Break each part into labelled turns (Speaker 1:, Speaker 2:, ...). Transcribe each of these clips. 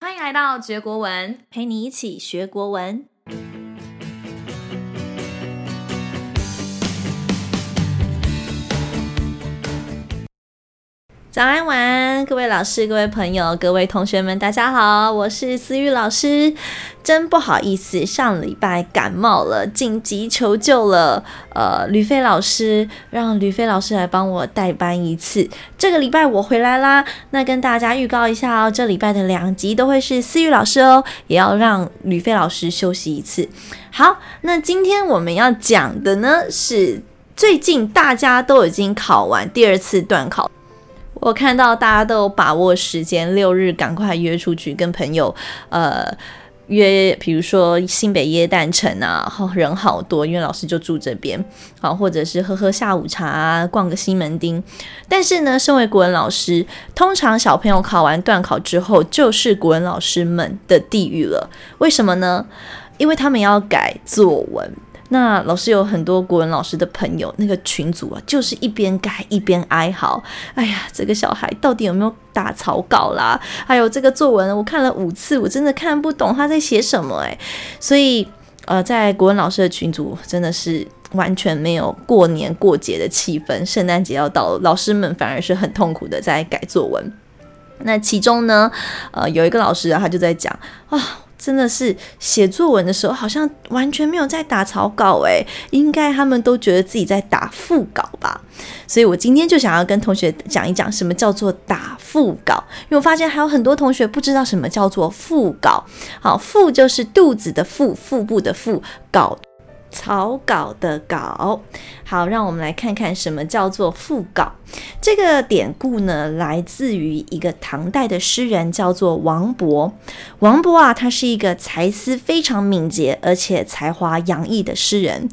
Speaker 1: 歡迎來到絕國文，陪你一起學國文。早安晚安，各位老師、各位朋友、各位同學們，大家好，我是思雨老師，真不好意思，上禮拜感冒了，緊急求救了，呃，呂飛老師讓呂飛老師來幫我代班一次，這個禮拜我回來啦，那跟大家預告一下哦，這禮拜的兩集都會是思雨老師哦，也要讓呂飛老師休息一次。好，那今天我們要講的呢是最近大家都已經考完第二次段考。我看到大家都有把握時間，六日趕快約出去跟朋友，呃，約比如說新北耶誕城啊，好人好多，因為老師就住這邊，好、啊、或者是喝喝下午茶、啊，逛個西門町。但是呢，身為國文老師，通常小朋友考完段考之後，就是國文老師們的地獄了。為什麼呢？因為他們要改作文。那老師有很多國文老師的朋友，那個群組啊，就是一邊改一邊哀嚎。哎呀，這個小孩到底有沒有打草稿啦？還有這個作文呢，我看了五次，我真的看不懂他在寫什麼欸。所以，呃，在國文老師的群組真的是完全沒有過年過節的氣氛。聖誕節要到了，老師們反而是很痛苦的在改作文。那其中呢，呃，有一個老師啊，他就在講啊。哦真的是寫作文的時候，好像完全沒有在打草稿誒、欸，應該他們都覺得自己在打腹稿吧？所以我今天就想要跟同學講一講什麼叫做打腹稿，因為我發現還有很多同學不知道什麼叫做腹稿。好，腹就是肚子的腹，腹部的腹稿。草稿的稿，好，讓我們來看看什麼叫做腹稿。這個典故呢，來自於一個唐代的詩人，叫做王勃。王勃啊，他是一個才思非常敏捷，而且才華洋溢的詩人。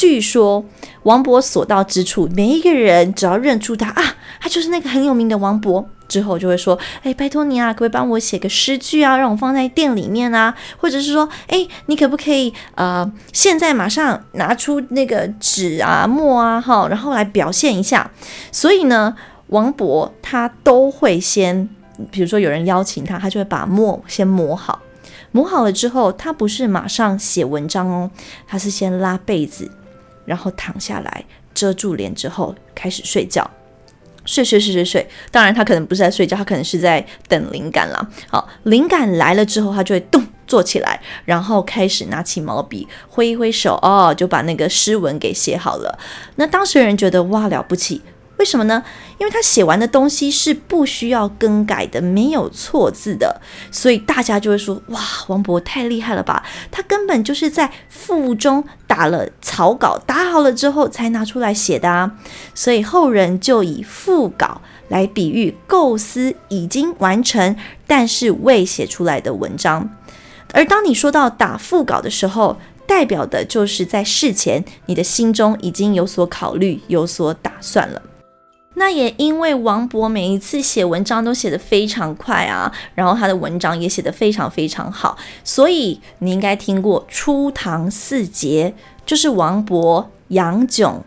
Speaker 1: 據說王勃所到之處，每一個人只要認出他啊，他就是那個很有名的王勃，之後就會說：“哎，拜托你啊，可不可以幫我寫個詩句啊，讓我放在店裡面啊，或者是說，哎，你可不可以呃，現在馬上拿出那個紙啊、墨啊，哈，然後來表現一下。所以呢，王勃他都會先，比如說有人邀請他，他就會把墨先磨好，磨好了之後，他不是馬上寫文章哦，他是先拉被子。然後躺下來，遮住臉之後開始睡覺，睡睡睡睡睡。當然，他可能不是在睡覺，他可能是在等靈感啦。好，靈感來了之後，他就會咚坐起來，然後開始拿起毛筆，揮一揮手，哦，就把那個詩文給寫好了。那當時人覺得哇了不起，為什麼呢？因為他寫完的東西是不需要更改的，沒有錯字的，所以大家就會說哇，王勃太厲害了吧？他根本就是在腹中。打了草稿，打好了之後才拿出來寫的，啊，所以後人就以腹稿來比喻構思已經完成，但是未寫出來的文章。而當你說到打腹稿的時候，代表的就是在事前你的心中已經有所考慮、有所打算了。那也因為王勃每一次寫文章都寫得非常快啊，然後他的文章也寫得非常非常好，所以你應該聽過初唐四傑，就是王勃、楊炯、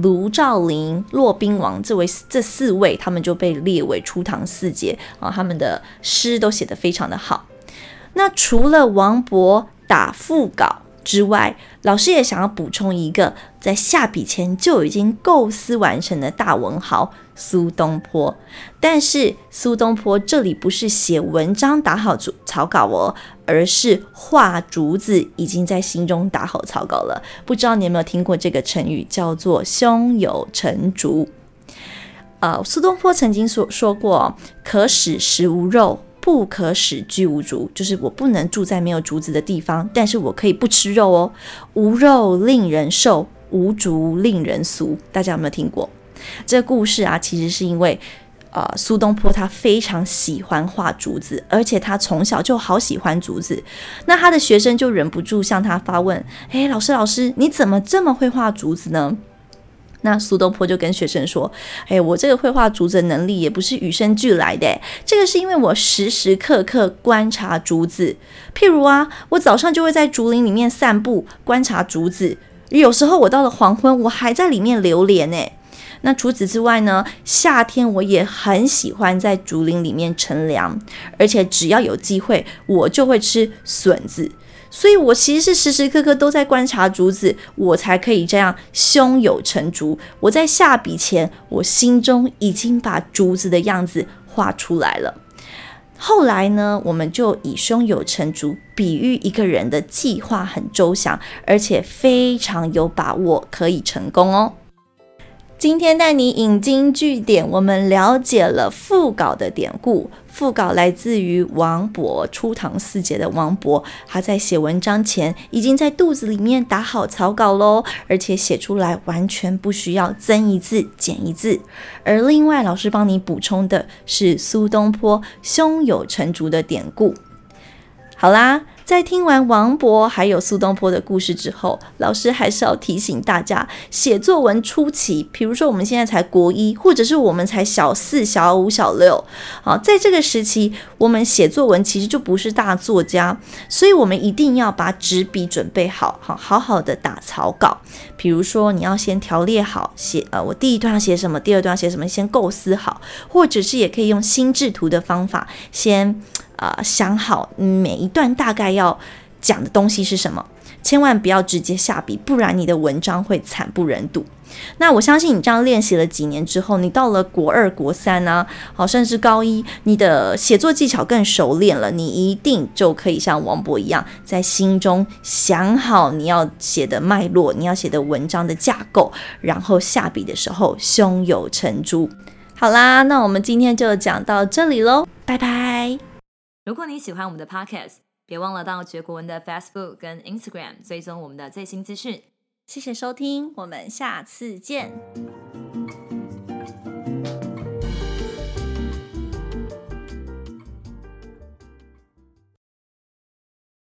Speaker 1: 盧照鄰、駱賓王這位這四位，他們就被列為初唐四傑啊，他們的詩都寫得非常的好。那除了王勃打腹稿。之外，老師也想要補充一個，在下筆前就已經構思完成的大文豪蘇東坡。但是蘇東坡這裡不是寫文章打好草稿哦，而是畫竹子已經在心中打好草稿了。不知道你有沒有聽過這個成語叫做“胸有成竹”。呃，蘇東坡曾經說說過：“可使食無肉。”不可使居無竹，就是我不能住在沒有竹子的地方，但是我可以不吃肉哦。無肉令人瘦，無竹令人俗。大家有沒有聽過這個故事啊？其實是因為啊，呃、蘇東坡他非常喜歡畫竹子，而且他從小就好喜歡竹子。那他的學生就忍不住向他發問，誒，老師老師，你怎麼這麼會畫竹子呢？那蘇東坡就跟學生說：“哎、欸，我這個繪畫竹子的能力也不是與生俱來的，這個是因為我時時刻刻觀察竹子。譬如啊，我早上就會在竹林裡面散步觀察竹子，有時候我到了黃昏，我還在裡面流連呢。那除此之外呢，夏天我也很喜歡在竹林裡面乘涼，而且只要有機會，我就會吃筍子。”所以，我其實是時時刻刻都在觀察竹子，我才可以這樣胸有成竹。我在下筆前，我心中已經把竹子的樣子畫出來了。後來呢，我們就以胸有成竹比喻一個人的計劃很周詳，而且非常有把握可以成功哦。今天帶你引經據典，我們了解了“腹稿”的典故。腹稿來自於王勃，初唐四傑的王勃，他在寫文章前已經在肚子裡面打好草稿嘍，而且寫出來完全不需要增一字、減一字。而另外，老師幫你補充的是蘇東坡胸有成竹的典故。好啦。在聽完王勃還有蘇東坡的故事之後，老師還是要提醒大家，寫作文初期，比如說我們現在才國一，或者是我們才小四、小五、小六，好，在這個時期，我們寫作文其實就不是大作家，所以我們一定要把紙筆準備好，好好好的打草稿。比如說，你要先條列好寫，呃，我第一段要寫什麼，第二段要寫什麼，先構思好，或者是也可以用心智圖的方法先。啊、呃，想好每一段大概要講的東西是什麼，千萬不要直接下筆，不然你的文章會慘不忍睹。那我相信你這樣練習了幾年之後，你到了國二、國三呢，好，甚至高一，你的寫作技巧更熟練了，你一定就可以像王勃一樣，在心中想好你要寫的脈絡、你要寫的文章的架構，然後下筆的時候胸有成竹。好啦，那我們今天就講到這裡嘍，拜拜。如果你喜歡我們的 Podcast，別忘了到覺國文的 Facebook 跟 Instagram 追蹤我們的最新資訊。謝謝收聽，我們下次見。